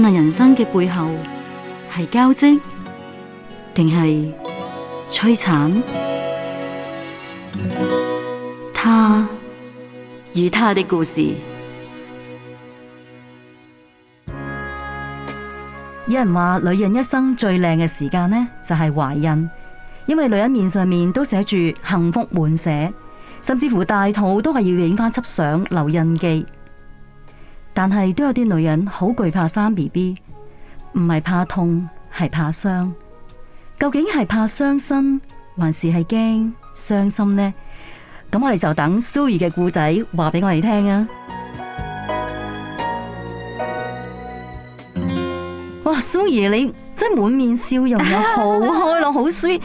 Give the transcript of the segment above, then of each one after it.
但係人生嘅背後係交織，定係摧殘？他與他的故事。有人話女人一生最靚嘅時間呢，就係懷孕，因為女人面上面都寫住幸福滿瀉，甚至乎大肚都係要影返輯相留印記。但係都有啲女人好懼怕生 BB，唔係怕痛，係怕傷，究竟係怕傷身還是係驚傷心呢？咁我哋就等 Sue 嘅故仔話俾我哋聽啊！ 哇，Sue 你真係滿面笑容，啊，好開朗，好 sweet，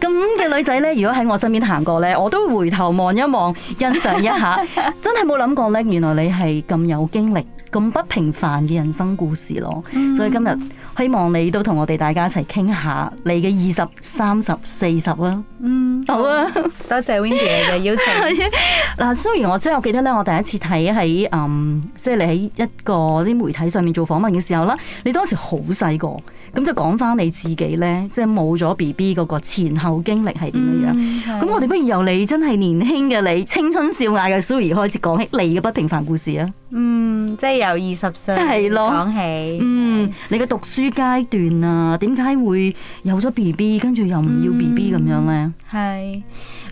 咁嘅女仔呢，如果喺我身邊行過呢，我都回頭望一望，欣賞一下， 真係冇諗過呢，原來你係咁有經歷。咁不平凡嘅人生故事咯，mm hmm. 所以今日希望你都同我哋大家一齊傾下你嘅二十、三十、四十啦。嗯，好啊，多謝 w i n d y 你嘅邀請、 啊。嗱 s u r y 我真係我記得咧，我第一次睇喺嗯，即係你喺一個啲媒體上面做訪問嘅時候啦，你當時好細個，咁就講翻你自己咧，即係冇咗 B B 嗰個前後經歷係點樣？咁、嗯啊、我哋不如由你真係年輕嘅你，青春少雅嘅 s u r y 開始講起你嘅不平凡故事啊！嗯，即係由二十歲講起。啊、嗯，你嘅讀書階段啊，點解會有咗 B B，跟住又唔要 B B 咁樣咧？係、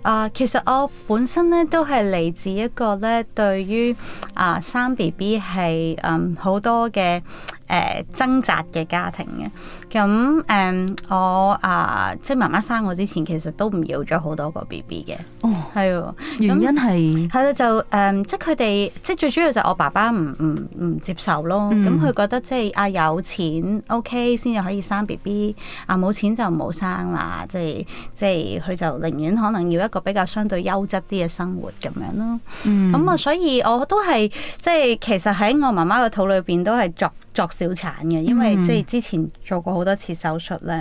嗯、啊，其實我本身咧都係嚟自一個咧對於啊生 B B 係嗯好多嘅誒掙扎嘅家庭嘅。咁誒、嗯，我啊，即係媽媽生我之前，其實都唔要咗好多個 B B 嘅。哦，係喎，嗯、原因係係啦，就誒、嗯，即係佢哋，即係最主要就係我爸爸唔唔唔接受咯。咁佢、嗯、覺得即係啊有錢 O K 先至可以生 B B，啊冇錢就唔好生啦。即係即係佢就寧願可能要一個比較相對優質啲嘅生活咁樣咯。咁、嗯嗯、啊，所以我都係即係其實喺我媽媽個肚裏邊都係作作小產嘅，因為即係之前做過好多次手術咧，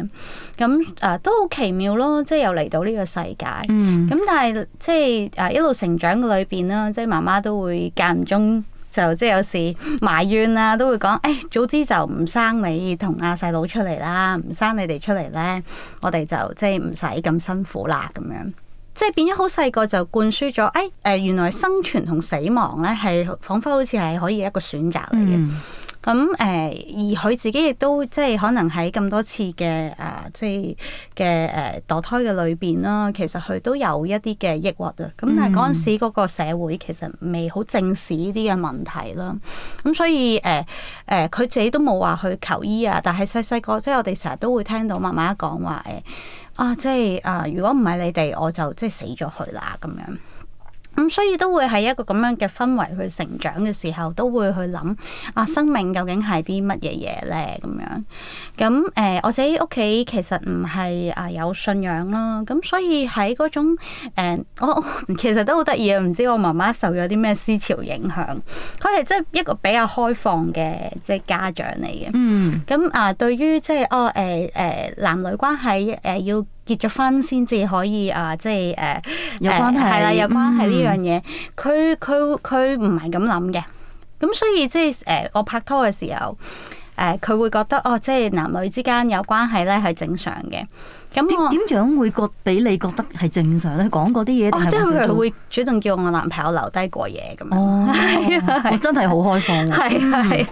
咁啊、嗯嗯嗯、都好奇妙咯，即係又嚟到呢個世界，咁但係即係啊一路成長嘅裏邊啦，即係媽媽都會間唔中就即係有時埋怨啊，都會講誒、哎、早知就唔生你同阿細佬出嚟啦，唔生你哋出嚟咧，我哋就即係唔使咁辛苦啦咁樣，即係變咗好細個就灌輸咗誒誒原來生存同死亡咧係彷彿好似係可以一個選擇嚟嘅。嗯。咁誒、嗯，而佢自己亦都即係可能喺咁多次嘅誒、啊，即係嘅誒墮胎嘅裏邊啦，其實佢都有一啲嘅抑鬱啊。咁但係嗰陣時嗰個社會其實未好正視呢啲嘅問題啦。咁、啊嗯、所以誒誒，佢、啊啊、自己都冇話去求醫啊。但係細細個即係我哋成日都會聽到媽媽講話誒啊，即係啊，如果唔係你哋，我就即係死咗佢啦咁樣。咁所以都會喺一個咁樣嘅氛圍去成長嘅時候，都會去諗，啊生命究竟係啲乜嘢嘢咧咁樣。咁誒、呃，我自己屋企其實唔係啊有信仰咯。咁所以喺嗰種我、呃哦、其實都好得意啊。唔知我媽媽受咗啲咩思潮影響，佢係即係一個比較開放嘅即係家長嚟嘅。嗯。咁啊、呃，對於即係哦誒誒男女關係誒、呃、要。結咗婚先至可以啊，即係誒，啊、有關係係、啊、啦，有關係呢、嗯嗯、樣嘢，佢佢佢唔係咁諗嘅，咁所以即係誒、啊，我拍拖嘅時候，誒、啊，佢會覺得哦、啊，即係男女之間有關係咧係正常嘅。咁點樣會覺俾你覺得係正常咧？講嗰啲嘢，即係佢會主動叫我男朋友留低過夜咁樣。哦，係 啊，我真係好開放啊！係係。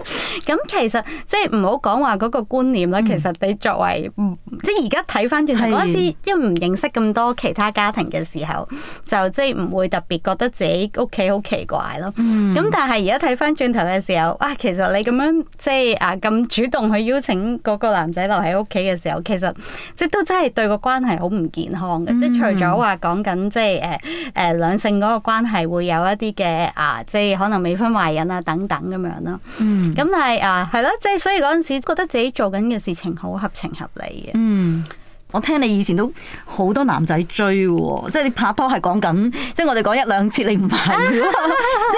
咁其實即係唔好講話嗰個觀念啦。其實你作為，嗯、即係而家睇翻轉頭嗰陣時，是因為唔認識咁多其他家庭嘅時候，就即係唔會特別覺得自己屋企好奇怪咯。咁、嗯、但係而家睇翻轉頭嘅時候，哇！其實你咁樣即係啊咁主動去邀請嗰個男仔留喺屋企嘅時候，其實即都真係～對個關係好唔健康嘅，即係除咗話講緊，即係誒誒兩性嗰個關係會有一啲嘅啊，即係可能未婚懷孕啊等等咁樣咯。嗯，咁但係啊，係咯，即係所以嗰陣時覺得自己做緊嘅事情好合情合理嘅。嗯，我聽你以前都好多男仔追喎，即係你拍拖係講緊，即係我哋講一兩次你唔係， 即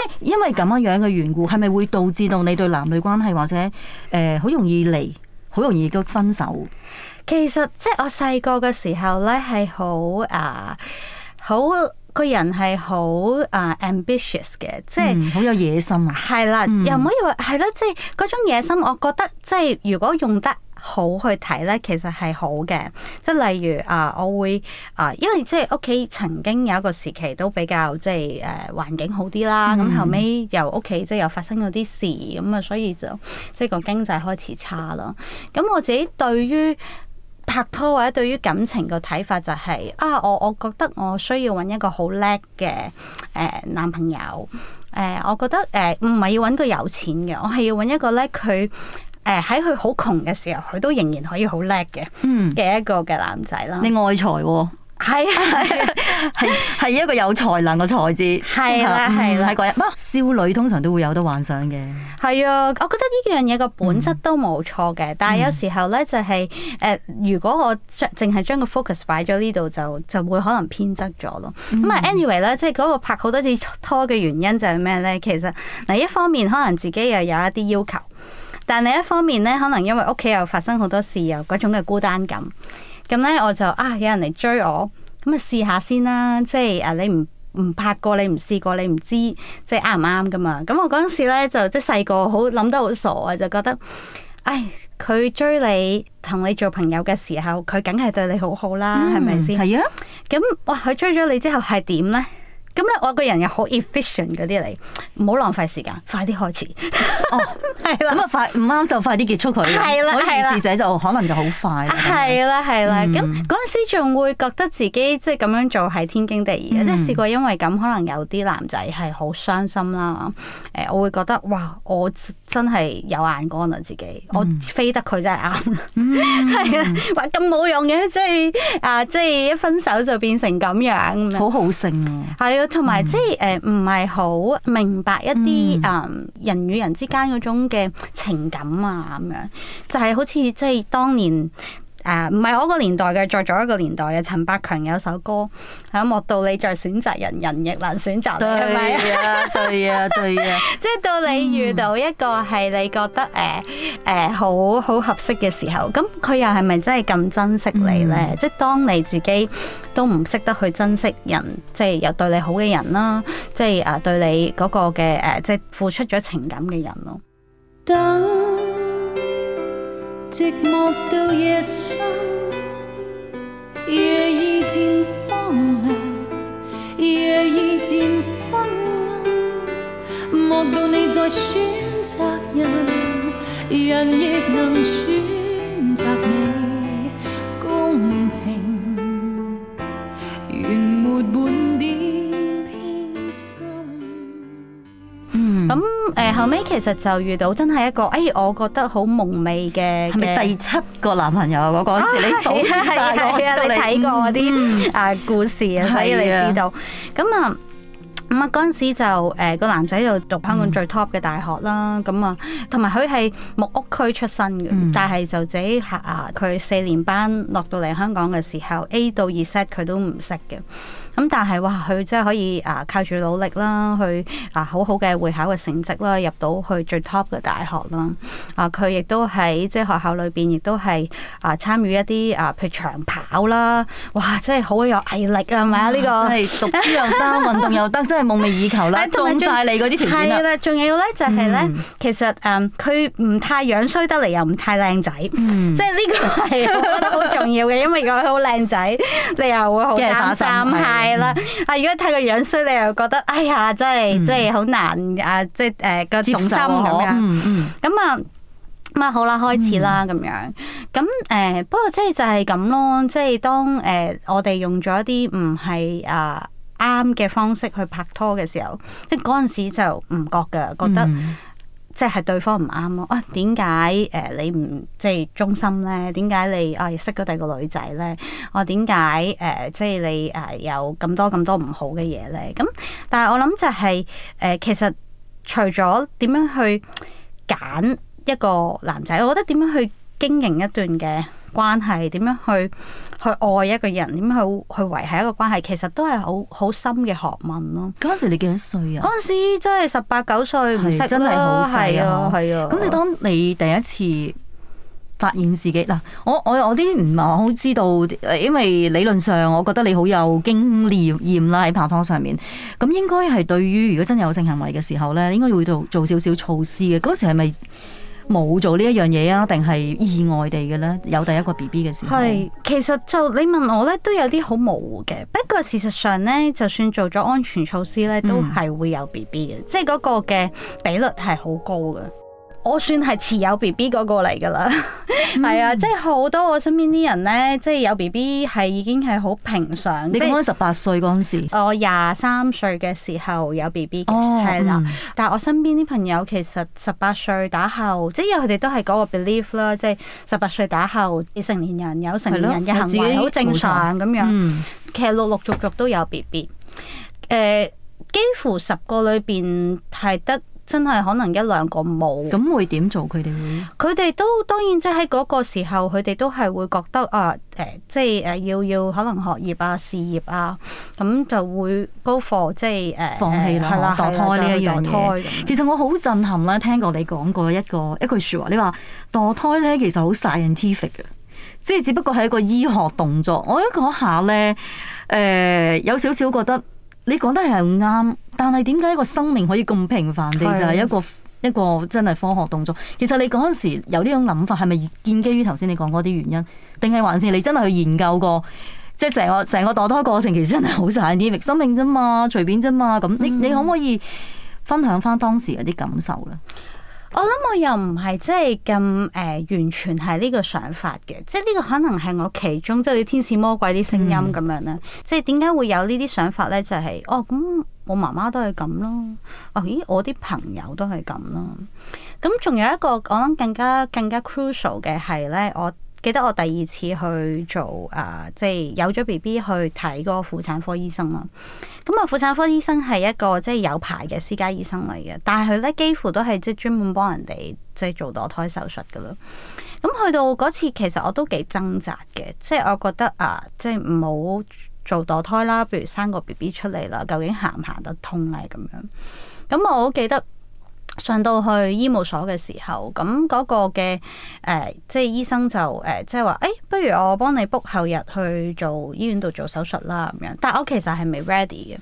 係因為咁樣樣嘅緣故，係咪會導致到你對男女關係或者誒好，呃，容易離，好容易都分手？其實即係我細個嘅時候咧，係好啊，好個人係好啊 ambitious 嘅，即係好、嗯、有野心啊。係啦的，嗯、又唔可以話係咯，即係嗰種野心，我覺得即係如果用得好去睇咧，其實係好嘅。即係例如啊，我會啊，因為即係屋企曾經有一個時期都比較即係誒、啊、環境好啲啦。咁、嗯嗯、後尾由屋企即係又發生咗啲事咁啊，所以就即係個經濟開始差咯。咁我自己對於拍拖或者對於感情嘅睇法就係、是、啊，我我覺得我需要揾一個好叻嘅誒男朋友，誒、呃、我覺得誒唔係要揾個有錢嘅，我係要揾一個咧，佢喺佢好窮嘅時候，佢都仍然可以好叻嘅，嘅、嗯、一個嘅男仔啦。你愛財喎、哦？係啊，係係係一個有才能嘅才智， 才才智。係啦，係啦、嗯。喺嗰日，少女通常都會有得幻想嘅。係啊，我覺得呢樣嘢個本質都冇錯嘅，嗯、但係有時候咧就係、是、誒、呃，如果我將淨係將個 focus 擺咗呢度，就就會可能偏執咗咯。咁啊，anyway 咧，anyway，即係嗰個拍好多次拖嘅原因就係咩咧？其實嗱，一方面可能自己又有一啲要求，但另一方面咧，可能因為屋企又發生好多事，有嗰種嘅孤單感。咁咧我就啊有人嚟追我，咁啊試下先啦，即係啊你唔唔拍過你唔試過你唔知即係啱唔啱噶嘛？咁我嗰陣時咧就即係細個好諗得好傻啊，就覺得，唉佢追你同你做朋友嘅時候，佢梗係對你好好啦，係咪先？係啊。咁哇佢追咗你之後係點咧？咁咧，我個人又好 efficient 嗰啲嚟，唔好浪費時間，快啲開始。 哦，係啦 的，咁啊快，唔啱就快啲結束佢。係啦的，係啦。所以如是者就可能就好快。係啦，係啦。咁嗰陣時仲會覺得自己即係咁樣做係天經地義、嗯、即係試過因為咁，可能有啲男仔係好傷心啦。誒，我會覺得哇，我真係有眼光啊！自己我飛得佢真係啱。嗯，係啊、嗯， 哇咁冇用嘅，即係啊，即係、啊、一分手就變成咁樣，嗯、好好勝啊。啊。同埋即係誒，唔係好明白一啲誒人與人之間嗰種嘅情感啊，咁樣就係好似即係當年。誒，唔係我個年代嘅，在咗一個年代嘅陳百強有一首歌，吓、啊、莫道你在選擇人，人亦能選擇你，係咪啊？對啊，對啊， 即係到你遇到一個係你覺得誒誒、啊啊、好好合適嘅時候，咁佢又係咪真係咁珍惜你咧？嗯、即係當你自己都唔識得去珍惜人，即係又對你好嘅人啦，即係誒對你嗰個嘅誒、啊，即係付出咗情感嘅人咯。寂寞到夜深，夜已漸荒涼，夜已漸昏暗，莫道你在選擇人，人亦能選。後尾其實就遇到真係一個，哎，我覺得好夢味嘅。係咪第七個男朋友，那個、啊。嗰陣時你都啊，啊，啊，啊，你睇過啲啊故事啊，嗯、所以你知道。咁啊的，咁啊嗰陣時就誒、那個男仔就讀香港最 top 嘅大學啦。咁啊、嗯，同埋佢係木屋區出身嘅，嗯、但係就自己嚇啊，佢四年班落到嚟香港嘅時候，A 到 Z 佢都唔識嘅。咁但係哇，佢真係可以啊靠住努力啦，去啊好好嘅會考嘅成績啦，入到去最 top 嘅大學啦。啊，佢亦都喺即係學校裏邊，亦都係啊參與一啲啊譬如長跑啦，哇！真係好有毅力啊，係咪啊？呢、呢個真係讀書又得 運動又得，真係夢寐以求啦，壯晒 有你嗰啲條件啦。仲有咧就係、係、咧，嗯、其實誒佢唔太樣衰得嚟，又唔太靚仔，即係呢個係我覺得好重要嘅， 因為佢好靚仔，你又會好擔心係啦，啊、mm！Hmm. 如果睇個樣衰，你又覺得哎呀，真係真係好難、mm hmm. 啊！即係誒個心咁樣，咁、嗯、啊，咁啊好啦，開始啦咁、mm hmm. 樣。咁、嗯、誒，不過即係就係咁咯。即係當誒、呃、我哋用咗一啲唔係啊啱嘅方式去拍拖嘅時候，即係嗰陣時就唔覺噶，覺得。即係對方唔啱咯，啊點解誒你唔即係忠心咧？點解你、哎、識呢啊識咗第二個女仔咧？呃呃、呢我點解誒即係你誒有咁多咁多唔好嘅嘢咧？咁但係我諗就係誒其實除咗點樣去揀一個男仔，我覺得點樣去經營一段嘅關係點樣去去愛一個人，點樣去去維係一個關係，其實都係好好深嘅學問咯。嗰陣時你幾多歲啊？嗰陣時真係十八九歲，唔識咯。真係好細啊。係啊，係啊。咁你當你第一次發現自己嗱，我我我啲唔係好知道，因為理論上我覺得你好有經驗啦喺拍拖上面。咁應該係對於如果真係有性行為嘅時候呢，應該會做做少少措施嘅。嗰時係咪？冇做呢一樣嘢啊？定係意外地嘅咧？有第一個 BB 嘅時候，係其實就你問我咧，都有啲好模糊嘅。不過事實上咧，就算做咗安全措施咧，都係會有 BB 嘅，嗯、即係嗰個嘅比率係好高嘅。我算係持有 B B 嗰個嚟㗎啦，係 啊，即係好多我身邊啲人咧，即係有 B B 係已經係好平常。你講十八歲嗰陣時，我廿三歲嘅時候有 B B 嘅，係啦。但係我身邊啲朋友其實十八歲打後，即係因為佢哋都係嗰個 belief 啦，即係十八歲打後，成年人有成年人嘅行為好正常咁樣。嗯、其實陸,陸陸續續都有 B B，誒，幾乎十個裏邊係得。真係可能一兩個冇，咁會點做佢哋會？佢哋都當然即係喺嗰個時候，佢哋都係會覺得啊誒、呃，即係誒、呃、要要可能學業啊、事業啊，咁就會高課即係誒放棄啦，墮胎呢一樣嘢。胎其實我好震撼啦，聽過你講過一個一句説話，你話墮胎咧其實好 scientific 嘅，即係只不過係一個醫學動作。我一嗰下咧誒、呃，有少少覺得。你講得係啱，但係點解一個生命可以咁平凡地？就係、是、一個一個真係科學動作。其實你嗰陣時有呢種諗法，係咪建基於頭先你講嗰啲原因？定係還是你真係去研究過？即係成個成個墮胎過程，其實真係好晒啲，生命啫嘛，隨便啫嘛。咁你你可唔可以分享翻當時嗰啲感受咧？我諗我又唔係即係咁誒完全係呢個想法嘅，即係呢個可能係我其中即好似天使魔鬼啲聲音咁樣啦。嗯、即係點解會有呢啲想法咧？就係、是、哦咁，我媽媽都係咁咯。哦咦，我啲朋友都係咁咯。咁仲有一個我諗更加更加 crucial 嘅係咧，我。記得我第二次去做啊，即係有咗 BB 去睇個婦產科醫生咯。咁啊，婦產科醫生係一個即係有牌嘅私家醫生嚟嘅，但係佢咧幾乎都係即係專門幫人哋即係做墮胎手術㗎囉。咁去到嗰次，其實我都幾掙扎嘅，即係我覺得啊，即係唔好做墮胎啦，譬如生個 BB 出嚟啦，究竟行唔行得通咧咁樣。咁我好記得。上到去醫務所嘅時候，咁嗰個嘅誒、呃，即係醫生就誒、呃，即係話，誒、哎，不如我幫你 book 後日去做醫院度做手術啦，咁樣。但係我其實係未 ready 嘅，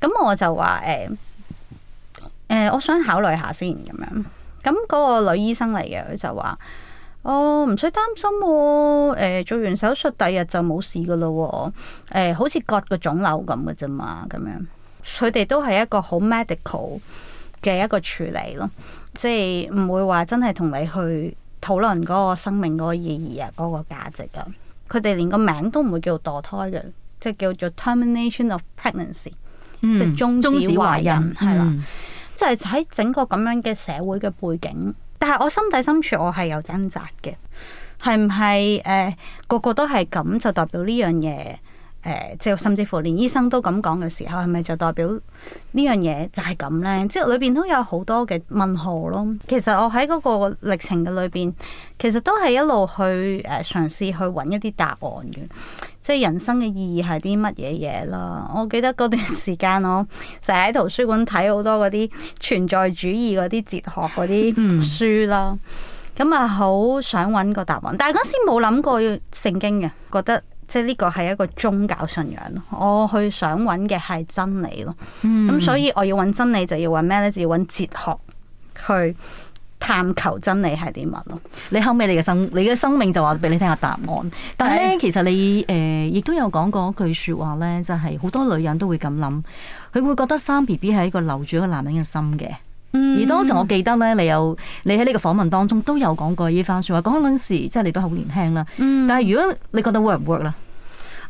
咁我就話，誒、呃，誒、呃，我想考慮下先，咁樣。咁嗰個女醫生嚟嘅，佢就話，我唔使擔心、啊，誒、呃，做完手術第二日就冇事噶啦、啊，誒、呃，好似割個腫瘤咁嘅啫嘛，咁樣。佢哋都係一個好 medical。嘅一個處理咯，即係唔會話真係同你去討論嗰個生命嗰個意義啊，嗰、嗰個價值啊，佢哋連個名都唔會叫墮胎嘅，即係叫做 termination of pregnancy，、嗯、即係終止懷孕，係、嗯嗯、啦，即係喺整個咁樣嘅社會嘅背景，但係我心底深處我係有掙扎嘅，係唔係誒個個都係咁就代表呢樣嘢？誒，即係甚至乎連醫生都咁講嘅時候，係咪就代表呢樣嘢就係咁呢？即係裏邊都有好多嘅問號咯。其實我喺嗰個歷程嘅裏邊，其實都係一路去誒嘗試去揾一啲答案嘅。即係人生嘅意義係啲乜嘢嘢啦？我記得嗰段時間，我成日喺圖書館睇好多嗰啲存在主義嗰啲哲學嗰啲書啦。咁啊，好想揾個答案，但係嗰時冇諗過要聖經嘅，覺得。即係呢個係一個宗教信仰，我去想揾嘅係真理咯。咁、嗯、所以我要揾真理就要揾咩呢？就要揾哲學去探求真理係啲乜咯。你後尾你嘅生你嘅生命就話俾你聽個答案。但係是其實你誒亦、呃、都有講過一句說話呢，就係、是、好多女人都會咁諗，佢會覺得生 B B 係一個留住一個男人嘅心嘅。而當時我記得咧，你有你喺呢個訪問當中都有講過依番說話。講嗰陣時，即係你都好年輕啦。嗯、但係如果你覺得 work 唔 work 啦，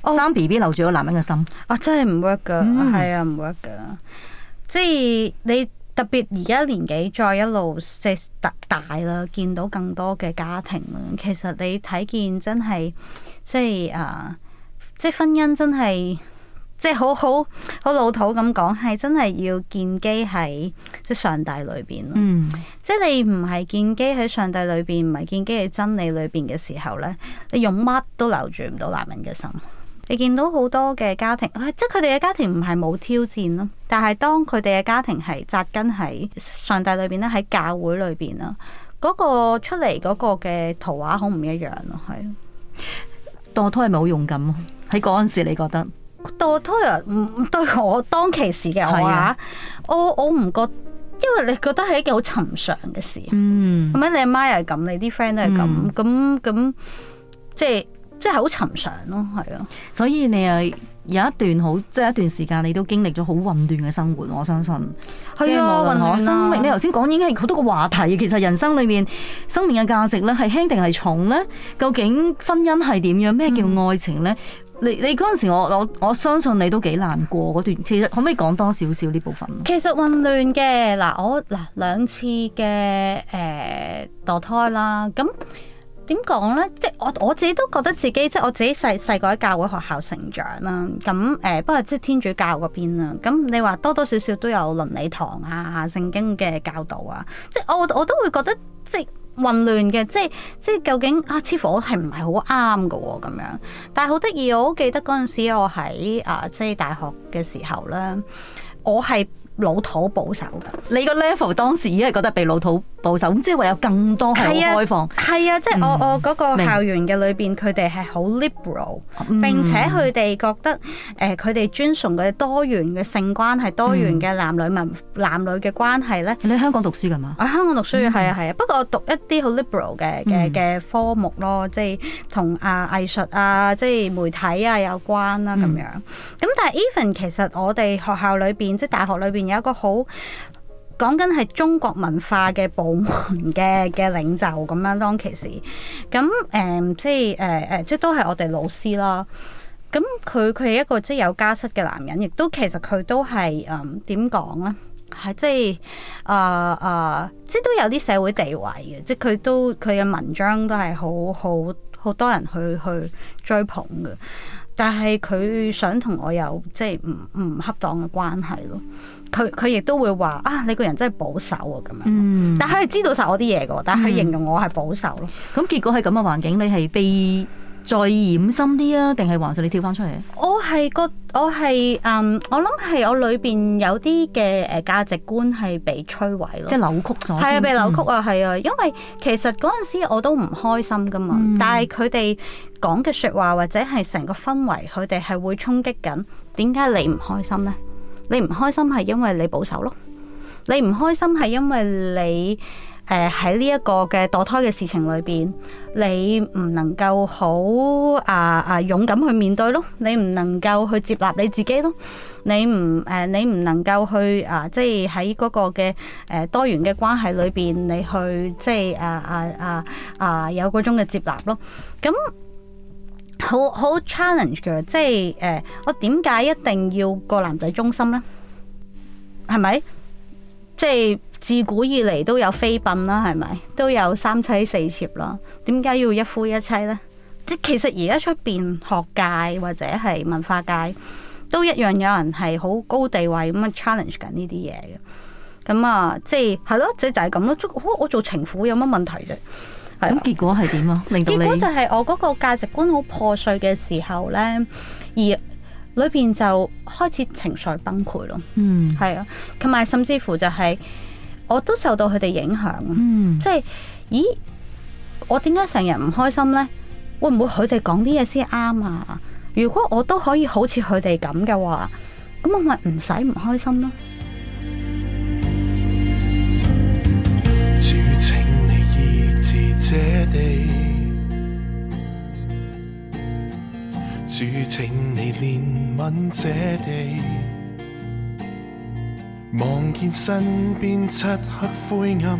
哦、生 B B 留住個男人嘅心。啊，真係唔 work 噶，係、嗯、啊，唔 work 噶。即係你特別而家年紀再一路即係大啦，見到更多嘅家庭，其實你睇見真係即係啊，即係婚姻真係。即係好好好老土咁講，係真係要建基喺即係上帝裏邊咯。嗯、即係你唔係建基喺上帝裏邊，唔係建基喺真理裏邊嘅時候呢，你用乜都留住唔到男人嘅心。你見到好多嘅家庭，即係佢哋嘅家庭唔係冇挑戰咯。但係當佢哋嘅家庭係紮根喺上帝裏邊咧，喺教會裏邊啦，嗰、嗰個出嚟嗰個嘅圖畫好唔一樣咯。係。我胎係咪好勇敢？喺嗰陣時，你覺得？對他人唔對我當其時嘅話，是的 我我唔覺，因為你覺得係一件好尋常嘅事。嗯，咁樣你阿媽又係咁，你啲 friend 都係咁，咁咁、嗯，即係即係好尋常咯，係啊。所以你又有一段好即係、就是、一段時間，你都經歷咗好混亂嘅生活。我相信係啊，混的我生命。亂啊、你頭先講已經係好多個話題。其實人生裏面，生命嘅價值咧係輕定係重咧？究竟婚姻係點樣？咩叫愛情咧？嗯你你嗰陣時我，我我我相信你都幾難過嗰段，其實可唔可以講多少少呢部分？其實混亂嘅嗱，我嗱兩次嘅誒、欸、墮胎啦，咁點講咧？即係我我自己都覺得自己，即係我自己細細個喺教會學校成長啦、啊，咁誒、欸，不過即係天主教嗰邊啦、啊，咁你話多多少少都有倫理堂啊、聖經嘅教導啊，即係我我都會覺得即。混亂嘅，即係即係究竟啊，似乎我係唔係好啱㗎喎咁樣。但係好得意，我好記得嗰陣時我喺啊，即係大學嘅時候呢，我係。老土保守噶，你個 level 當時已經係覺得被老土保守，咁即係話有更多係好開放，係啊，即係我我嗰個校園嘅裏邊，佢哋係好 liberal，並且佢哋覺得誒佢哋尊崇嘅多元嘅性關係、多元嘅男女文、男女嘅關係咧。你喺香港讀書㗎嘛？啊，香港讀書嘅，係啊係啊，不過我讀一啲好 liberal 嘅嘅嘅科目咯，即係同啊藝術啊，即係媒體啊有關啦咁樣。咁但係 even 其實我哋學校裏邊即係大學裏邊。有一個好講緊係中國文化嘅部門嘅嘅領袖，咁樣當其時咁誒，即係誒誒，即係、嗯嗯、都係我哋老師啦。咁佢佢係一個即係有家室嘅男人，亦都其實佢都係誒點講咧？係、嗯、即係啊、呃、啊，即係都有啲社會地位嘅，即係佢都佢嘅文章都係好好好多人去去追捧嘅。但係佢想同我有即係唔唔恰當嘅關係咯。佢佢亦都會話啊，你個人真係保守啊，咁樣。嗯、但係佢係知道晒我啲嘢嘅，嗯、但係佢形容我係保守咯、啊。咁、嗯、結果係咁嘅環境，你係被再染深啲啊，定係還是你跳翻出嚟、啊？我係個，我係嗯，我諗係我裏邊有啲嘅誒價值觀係被摧毀咯，即係扭曲咗。係、嗯、啊，被扭曲啊，係啊，因為其實嗰陣時我都唔開心噶嘛，嗯、但係佢哋講嘅説話或者係成個氛圍，佢哋係會衝擊緊。點解你唔開心咧？你唔開心係因為你保守咯，你唔開心係因為你誒喺呢一個嘅墮胎嘅事情裏邊，你唔能夠好啊啊勇敢去面對咯，你唔能夠去接納你自己咯，你唔誒你唔能夠去啊即係喺嗰個嘅誒多元嘅關係裏邊，你去即係啊啊啊啊有嗰種嘅接納咯，咁。好好 challenge 嘅，即係誒、呃，我點解一定要個男仔忠心咧？係咪？即係自古以嚟都有妃嬪啦，係咪？都有三妻四妾啦，點解要一夫一妻咧？即其實而家出邊學界或者係文化界，都一樣有人係好高地位咁樣 challenge 緊呢啲嘢嘅。咁啊，即係係咯，即就係咁咯。我做情婦有乜問題啫？咁結果係點啊？結果就係我嗰個價值觀好破碎嘅時候咧，而裏邊就開始情緒崩潰咯。嗯，係啊，同埋甚至乎就係、是、我都受到佢哋影響。嗯，即係，咦，我點解成日唔開心咧？會唔會佢哋講啲嘢先啱啊？如果我都可以好似佢哋咁嘅話，咁我咪唔使唔開心咯。這地，主，請你憐憫這地。望見身邊漆黑灰暗，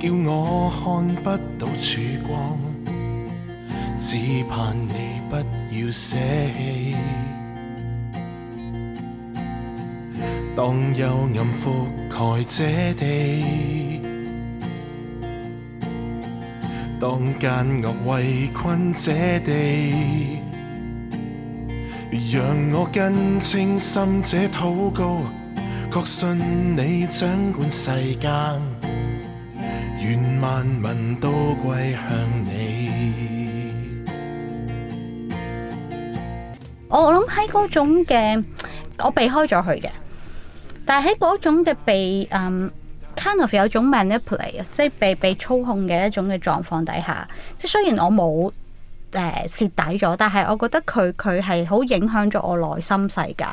叫我看不到曙光。只盼你不要捨棄，當幽暗覆蓋這地。當奸惡圍困這地，讓我更清心者禱告，確信你掌管世間，願萬民都歸向你。我我諗喺嗰種嘅，我避開咗佢嘅，但係喺嗰種嘅避，嗯。有種 manipulate 啊，即係被被操控嘅一種嘅狀況底下，即係雖然我冇誒蝕底咗，但係我覺得佢佢係好影響咗我內心世界。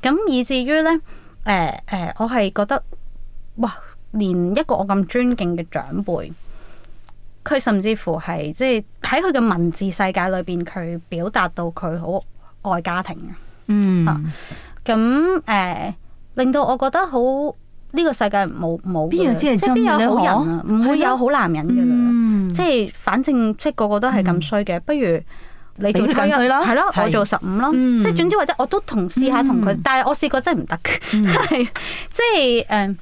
咁以至於咧，誒、呃、誒、呃，我係覺得哇，連一個我咁尊敬嘅長輩，佢甚至乎係即係喺佢嘅文字世界裏邊，佢表達到佢好愛家庭、嗯、啊。嗯咁誒令到我覺得好。呢個世界冇冇邊樣先係真嘅？邊有好人啊？唔、啊、會有好男人㗎啦、啊嗯！即係反正即係個個都係咁衰嘅。不如你做十歲啦，係咯，我做十五咯。即係總之或者我都同試下同佢，但係我試過真係唔得嘅，嗯、 即係誒。嗯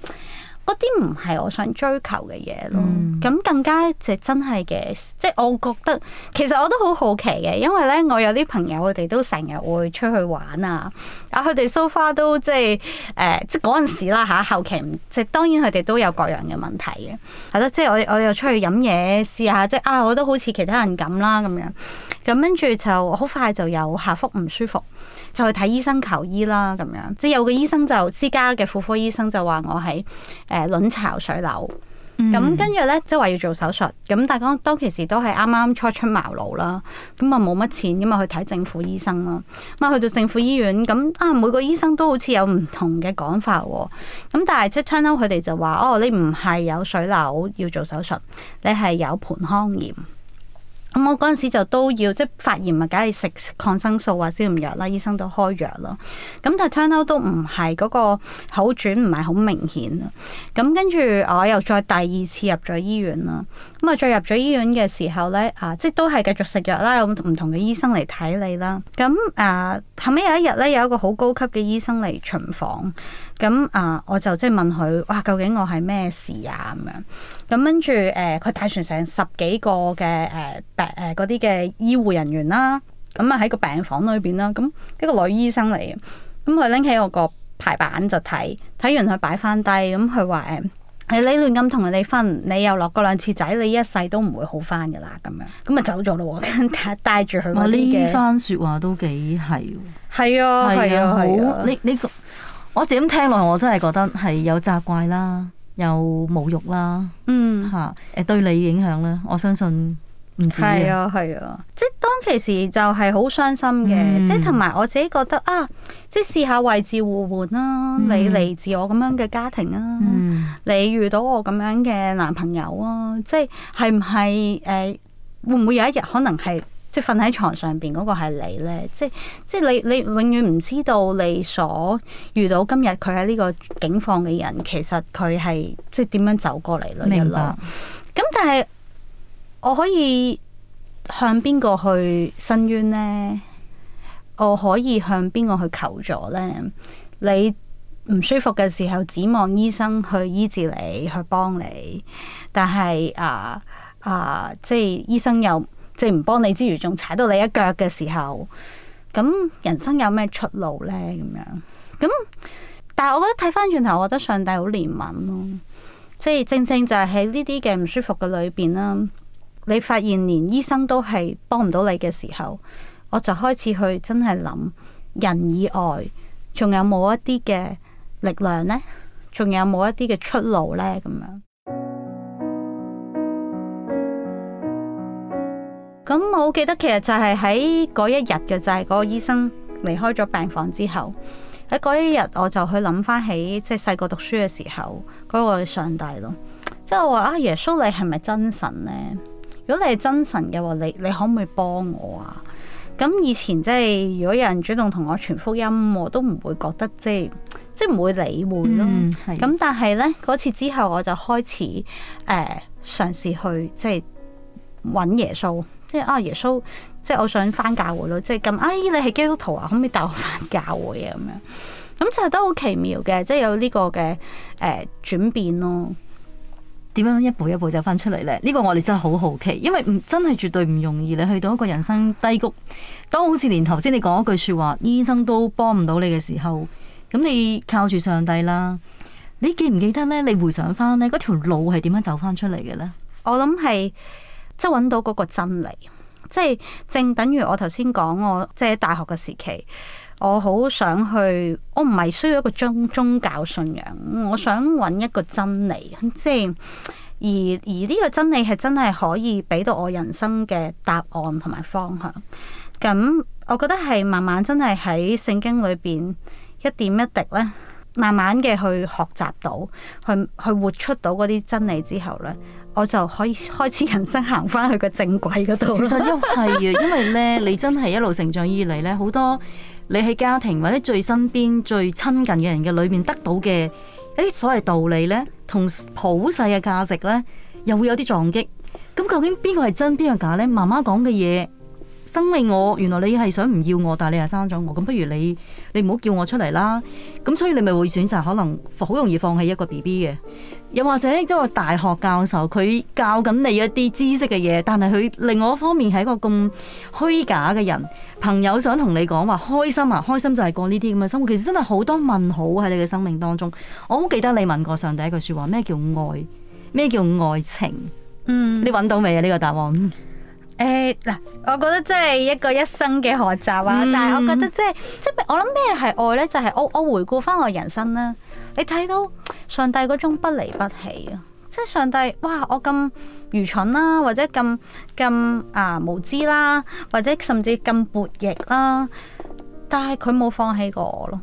嗰啲唔係我想追求嘅嘢咯，咁更加就真係嘅，即係我覺得其實我都好好奇嘅，因為咧我有啲朋友佢哋都成日會出去玩啊，啊佢哋 so far 都即係誒，即係嗰陣時啦嚇、啊，後期唔，即係當然佢哋都有各樣嘅問題嘅，係咯，即係我我又出去飲嘢試下，即係啊，我都好似其他人咁啦咁樣，咁跟住就好快就有下腹唔舒服，就去睇醫生求醫啦咁樣，即係有個醫生就私家嘅婦科醫生就話我喺誒。呃誒卵巢水瘤，咁跟住咧，即係話要做手術，咁大家當其時都係啱啱初出茅廬啦，咁啊冇乜錢，咁啊去睇政府醫生咯，咁啊去到政府醫院，咁啊每個醫生都好似有唔同嘅講法，咁但係即 h e 佢哋就話：哦，你唔係有水瘤要做手術，你係有盆腔炎。咁、嗯、我嗰陣時就都要即係發炎啊，梗係食抗生素或者消炎藥啦，醫生都開藥咯。咁但係 turn out 都唔係嗰個好轉，唔係好明顯咁、嗯、跟住我又再第二次入咗醫院啦。咁、嗯、啊再入咗醫院嘅時候呢，啊即都係繼續食藥啦，有唔同嘅醫生嚟睇你啦。咁、嗯、啊後尾有一日呢，有一個好高級嘅醫生嚟巡房。咁啊，我就即係問佢，哇，究竟我係咩事啊？咁樣咁跟住誒，佢帶全成十幾個嘅誒病誒嗰啲嘅醫護人員啦，咁啊喺個病房裏邊啦，咁一個女醫生嚟，咁佢拎起我個排版就睇，睇完佢擺翻低，咁佢話誒，你亂咁同人哋分，你又落過兩次仔，你一世都唔會好翻噶啦，咁樣咁啊走咗咯喎，帶住佢嗰啲嘅。呢番説話都幾係，係啊，係啊，好呢呢個。我自己聽落，我真係覺得係有責怪啦，有侮辱啦，嗯吓，誒對你影響啦。我相信唔止。係啊係啊，即係當其時就係好傷心嘅，嗯、即係同埋我自己覺得啊，即係試下位置互換啦，啊，嗯、你嚟自我咁樣嘅家庭啊，嗯、你遇到我咁樣嘅男朋友啊，即係係唔係誒，會唔會有一日可能係？即係瞓喺床上邊嗰個係你咧，即係即係你你永遠唔知道你所遇到今日佢喺呢個境況嘅人，其實佢係即係點樣走過嚟嘅咯明白。咁但係我可以向邊個去伸冤咧？我可以向邊個去求助咧？你唔舒服嘅時候，指望醫生去醫治你，去幫你。但係啊啊，即係醫生又。即唔幫你之餘，仲踩到你一腳嘅時候，咁人生有咩出路呢？咁樣咁，但係我覺得睇翻轉頭，我覺得上帝好憐憫咯。即係正正就係喺呢啲嘅唔舒服嘅裏邊啦，你發現連醫生都係幫唔到你嘅時候，我就開始去真係諗人以外，仲有冇一啲嘅力量呢？仲有冇一啲嘅出路呢？咁樣。咁我好記得，其實就係喺嗰一日嘅，就係嗰個醫生離開咗病房之後喺嗰一日，我就去諗翻起，即係細個讀書嘅時候嗰個上帝咯。即係我話啊，耶穌你係咪真神咧？如果你係真神嘅話，你你可唔可以幫我啊？咁以前即係如果有人主動同我傳福音，我都唔會覺得即係即係唔會理會咯。咁、嗯、但係咧嗰次之後，我就開始誒嘗試去即係搵耶穌。即係啊，耶穌，即係我想翻教會咯。即係咁，哎，你係基督徒啊，可唔可以帶我翻教會啊？咁樣咁就係都好奇妙嘅，即係有呢個嘅誒轉變咯。點樣一步一步走翻出嚟咧？呢個我哋真係好好奇，因為唔真係絕對唔容易。你去到一個人生低谷，咁好似連頭先你講一句說話，醫生都幫唔到你嘅時候，咁你靠住上帝啦。你記唔記得咧？你回想翻咧，嗰條路係點樣走翻出嚟嘅咧？我諗係。即揾到嗰個真理，即係正等於我頭先講我，即係大學嘅時期，我好想去，我唔係需要一個宗宗教信仰，我想揾一個真理，即係而而呢個真理係真係可以俾到我人生嘅答案同埋方向。咁我覺得係慢慢真係喺聖經裏邊一點一滴咧，慢慢嘅去學習到，去去活出到嗰啲真理之後咧。我就可以開始人生行翻去個正軌嗰度。其實一係啊，因為咧，你真係一路成長以嚟咧，好多你喺家庭或者最身邊最親近嘅人嘅裏面得到嘅一啲所謂道理咧，同普世嘅價值咧，又會有啲撞擊。咁究竟邊個係真，邊個係假咧？媽媽講嘅嘢，生命我原來你係想唔要我，但係你係生咗我，咁不如你你唔好叫我出嚟啦。咁所以你咪會選擇可能好容易放棄一個 BB 嘅。又或者即係大學教授，佢教緊你一啲知識嘅嘢，但係佢另外一方面係一個咁虛假嘅人。朋友想同你講話開心啊，開心就係過呢啲咁嘅生活。其實真係好多問號喺你嘅生命當中。我好記得你問過上帝一句說話：咩叫愛？咩叫愛情？嗯，你揾到未啊？呢個答案？誒，嗱、欸，我覺得即係一個一生嘅學習啊！嗯、但係我覺得即係，即係我諗咩係愛咧？就係、是、我我回顧翻我人生啦，你睇到上帝嗰種不離不棄啊！即係上帝，哇！我咁愚蠢啦、啊，或者咁咁啊無知啦、啊，或者甚至咁叛逆啦，但係佢冇放棄過我咯。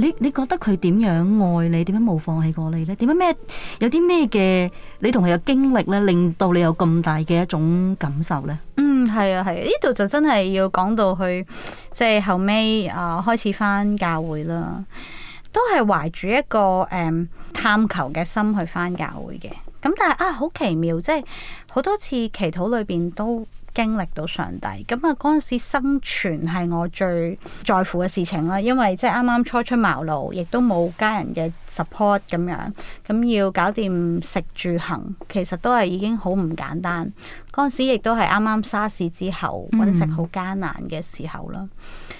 你你覺得佢點樣愛你？點解冇放棄過你呢？點解咩有啲咩嘅你同佢嘅經歷咧，令到你有咁大嘅一種感受呢？嗯，係啊，係啊。呢度就真係要講到去即係後尾啊、呃，開始翻教會啦，都係懷住一個誒探求嘅心去翻教會嘅。咁但係啊，好奇妙，即係好多次祈禱裏邊都經歷到上帝咁啊，嗰陣時生存係我最在乎嘅事情啦，因為即係啱啱初出茅廬，亦都冇家人嘅 support 咁樣，咁要搞掂食住行，其實都係已經好唔簡單。嗰陣時亦都係啱啱沙士之後，揾食好艱難嘅時候啦。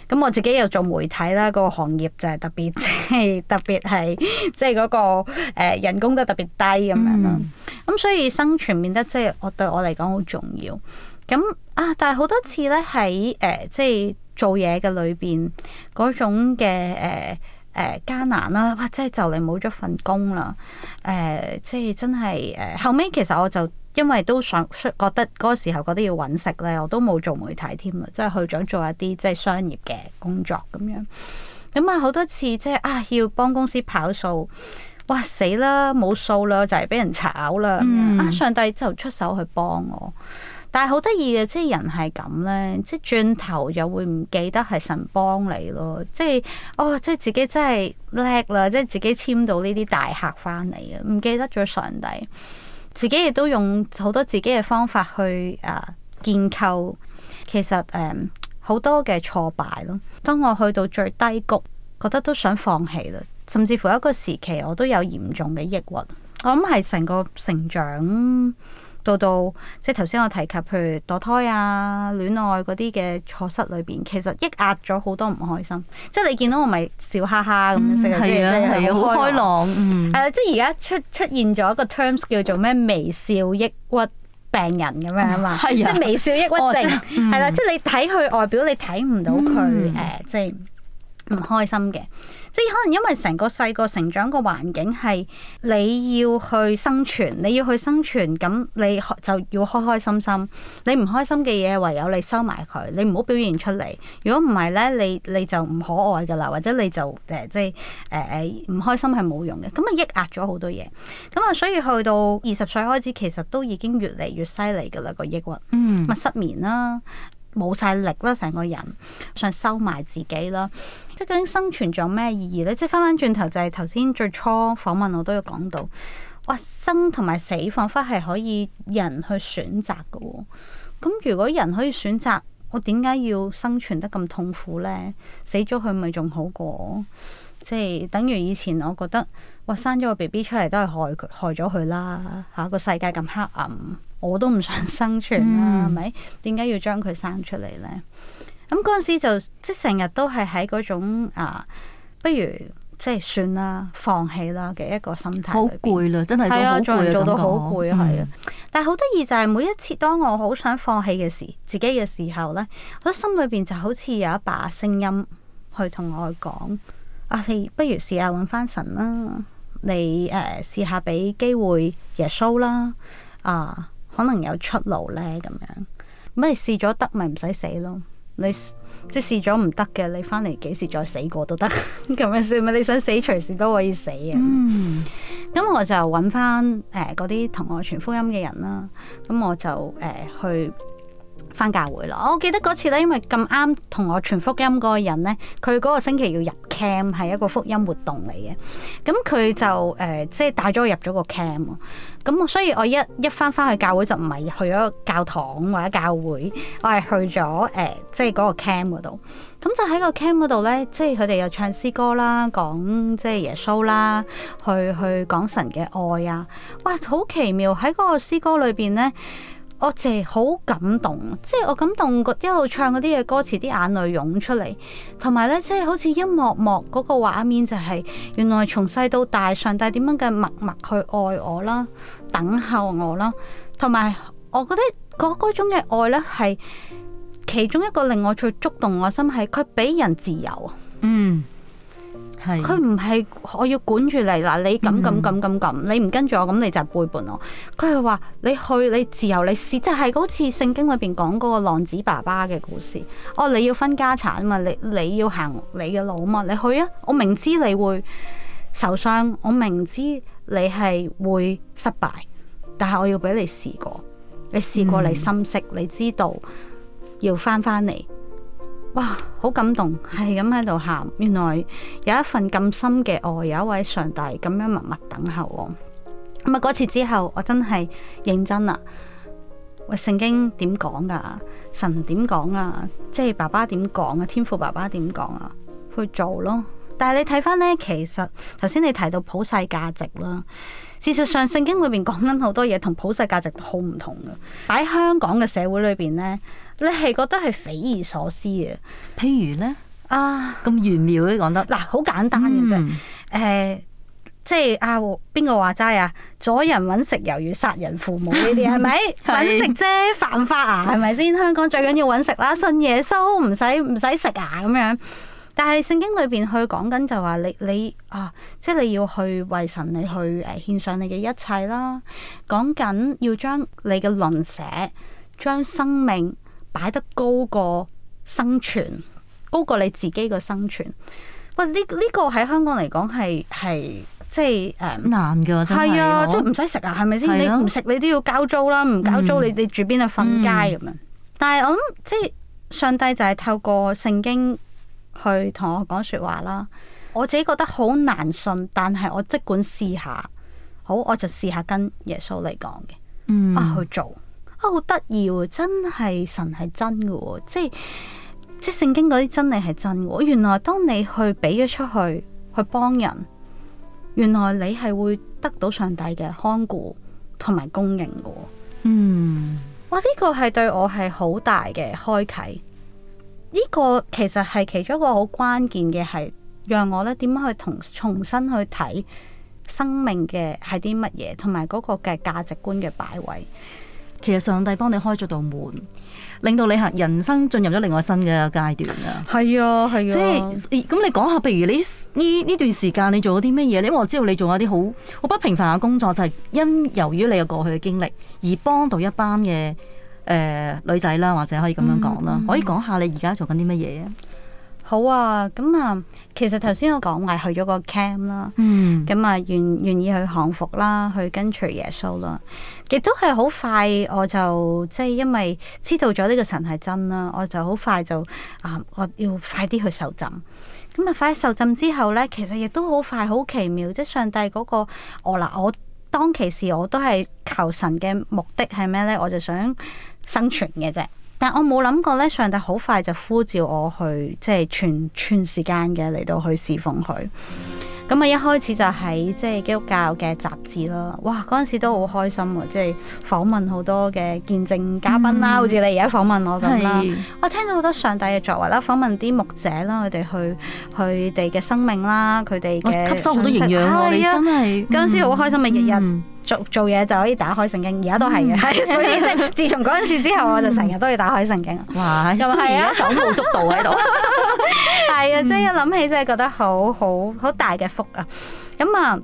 咁、嗯嗯、我自己又做媒體啦，個行業就係特別即係 特別係即係嗰個、呃、人工都特別低咁樣啦。咁、嗯嗯、所以生存變得即係我對我嚟講好重要。咁啊！但係好多次咧，喺誒、呃、即係做嘢嘅裏邊嗰種嘅誒誒艱難啦，或者係就嚟冇咗份工啦，誒、呃呃、即係真係誒、呃、後尾其實我就因為都想覺得嗰個時候覺得要搵食咧，我都冇做媒體添啦，即係去想做一啲即係商業嘅工作咁樣。咁啊，好多次即係啊，要幫公司跑數，哇死啦，冇數啦，就係俾人炒啦。嗯、啊，上帝就出手去幫我。但係好得意嘅，即係人係咁呢，即係轉頭又會唔記得係神幫你咯，即係哦，即係自己真係叻啦，即係自己簽到呢啲大客翻嚟嘅，唔記得咗上帝，自己亦都用好多自己嘅方法去誒、啊、建構，其實誒好、啊、多嘅挫敗咯。當我去到最低谷，覺得都想放棄啦，甚至乎一個時期我都有嚴重嘅抑鬱，我諗係成個成長。到到即係頭先我提及，譬如墮胎啊、戀愛嗰啲嘅錯失裏邊，其實抑壓咗好多唔開心。即係你見到我咪笑哈哈咁樣，嗯、即係真係好開朗。係啊、嗯，即係而家出出現咗一個 terms 叫做咩微笑抑鬱病人咁樣、嗯、啊嘛，即係微笑抑鬱症。係啦，嗯、即係你睇佢外表，你睇唔到佢誒、嗯嗯，即係唔開心嘅。啲可能因為成個細個成長個環境係你要去生存，你要去生存，咁你就要開開心心。你唔開心嘅嘢唯有你收埋佢，你唔好表現出嚟。如果唔係咧，你你就唔可愛噶啦，或者你就誒、呃、即係誒誒唔開心係冇用嘅，咁啊抑壓咗好多嘢。咁啊，所以去到二十歲開始，其實都已經越嚟越犀利噶啦個抑鬱，咪、mm hmm. 失眠啦。冇晒力啦，成個人想收埋自己啦，即係究竟生存仲有咩意義呢？即係翻翻轉頭就係頭先最初訪問我都要講到，哇，生同埋死，仿佛係可以人去選擇嘅喎、哦。咁如果人可以選擇，我點解要生存得咁痛苦呢？死咗佢咪仲好過？即係等於以前我覺得，哇，生咗個 B B 出嚟都係害佢，害咗佢啦嚇！個、啊、世界咁黑暗。我都唔想生存啦，啊，係咪，嗯？點解要將佢生出嚟呢？咁嗰陣時就即係成日都係喺嗰種啊，不如即係算啦，放棄啦嘅一個心態。好攰啦，真係想啊，做，做到好攰係啊！嗯、但係好得意就係每一次當我好想放棄嘅時，自己嘅時候呢，我心裏邊就好似有一把聲音去同我去講啊，你不如試下揾翻神啦，你誒，啊、試下俾機會耶穌啦啊！可能有出路咧咁樣，咁你試咗得咪唔使死咯，你即試咗唔得嘅，你翻嚟幾時再死過都得，咁嘅事，咪你想死隨時都可以死啊。咁、嗯、我就揾翻誒嗰啲同我傳福音嘅人啦，咁我就誒、呃、去。翻教會咯，我記得嗰次咧，因為咁啱同我傳福音嗰個人咧，佢嗰個星期要入 camp，係一個福音活動嚟嘅。咁佢就誒、呃，即係帶咗我入咗個 camp 啊。咁我所以，我一一翻翻去教會就唔係去咗個教堂或者教會，我係去咗誒、呃，即係嗰個 camp 嗰度。咁就喺個 camp 嗰度咧，即係佢哋又唱詩歌啦，講即係耶穌啦，去去講神嘅愛啊。哇，好奇妙！喺嗰個詩歌裏邊咧。我就係好感動，即係我感動一路唱嗰啲嘅歌詞，啲眼淚湧出嚟，同埋咧即係好似一幕幕嗰個畫面，就係原來從細到大，上帝點樣嘅默默去愛我啦，等候我啦，同埋我覺得嗰種嘅愛咧，係其中一個令我最觸動我心係佢俾人自由。嗯。佢唔係我要管住你嗱，你咁咁咁咁咁，你唔跟住我咁你就背叛我。佢係話你去你自由你試，就係好似聖經裏邊講嗰個浪子爸爸嘅故事。哦，你要分家產啊嘛，你你要行你嘅路啊嘛，你去啊！我明知你會受傷，我明知你係會失敗，但係我要俾你試過，你試過你心息，你知道要翻翻嚟。哇，好感動，係咁喺度喊，原來有一份咁深嘅愛，有一位上帝咁樣默默等候我、哦。咁啊，嗰次之後，我真係認真啦。喂，聖經點講噶？神點講啊？即係爸爸點講啊？天父爸爸點講啊？去做咯。但係你睇翻呢，其實頭先你提到普世價值啦，事實上聖經裏邊講緊好多嘢，同普世價值都好唔同嘅。喺香港嘅社會裏邊呢。你係覺得係匪夷所思嘅。譬如咧啊，咁玄妙啲講得嗱，好、啊、簡單嘅啫。誒、嗯呃，即係啊，邊個話齋啊？阻人揾食猶如殺人父母，呢啲係咪揾食啫？犯法啊？係咪先？香港最緊要揾食啦，信耶穌唔使唔使食啊咁樣。但係聖經裏邊去講緊就話你你，你啊，即係你要去為神你去誒獻上你嘅一切啦，講緊要將你嘅鄰舍，將生命。擺得高過生存，高過你自己個生存。喂，呢、這、呢個喺香港嚟講係係即係誒、um, 難嘅，真係係啊，我即係唔使食是是啊，係咪先？你唔食你都要交租啦，唔交租你、嗯、你住邊度瞓街咁樣。嗯、但係我諗即係，上帝就係透過聖經去同我講說話啦。我自己覺得好難信，但係我即管試下，好，我就試下跟耶穌嚟講嘅，嗯、啊去做。啊！好得意喎，真係神係真嘅喎，即係即係聖經嗰啲真理係真嘅喎。原來當你去俾咗出去去幫人，原來你係會得到上帝嘅看顧同埋供應嘅喎。嗯，哇！呢個係對我係好大嘅開啟。呢個其實係其中一個好關鍵嘅係讓我咧點樣去同重新去睇生命嘅係啲乜嘢，同埋嗰個嘅價值觀嘅擺位。其實上帝幫你開咗道門，令到你人生進入咗另外新嘅階段啊！係啊，係啊，即係咁你講下，譬如你呢呢段時間你做咗啲乜嘢？因為我知道你做咗啲好好不平凡嘅工作，就係、是、因由於你嘅過去嘅經歷而幫到一班嘅誒、呃、女仔啦，或者可以咁樣講啦，嗯嗯、可以講下你而家做緊啲乜嘢啊？好啊，咁啊，其實頭先我講埋去咗個 camp 啦，嗯，咁啊願願意去降服啦，去跟隨耶穌啦，亦都係好快我就即係因為知道咗呢個神係真啦，我就好快就啊我要快啲去受浸，咁啊快啲受浸之後咧，其實亦都好快好奇妙，即係上帝嗰個我嗱，我當其時我都係求神嘅目的係咩咧？我就想生存嘅啫。但我冇諗過咧，上帝好快就呼召我去，即係全全時間嘅嚟到去侍奉佢。咁啊，一開始就喺即係基督教嘅雜誌啦。哇，嗰陣時都好開心啊！即係訪問好多嘅見證嘉賓啦，好似、嗯、你而家訪問我咁啦。是我聽到好多上帝嘅作為啦，訪問啲牧者啦，佢哋去佢哋嘅生命啦，佢哋嘅吸收好多營養啊！啊真係嗰陣時好開心啊，日日。做嘢就可以打開聖經，而家都係嘅，所以即係自從嗰陣時之後，我就成日都要打開聖經。 哇！又係手舞足蹈喺度，係啊，即係一諗起，真係覺得好好好大嘅福啊！咁啊，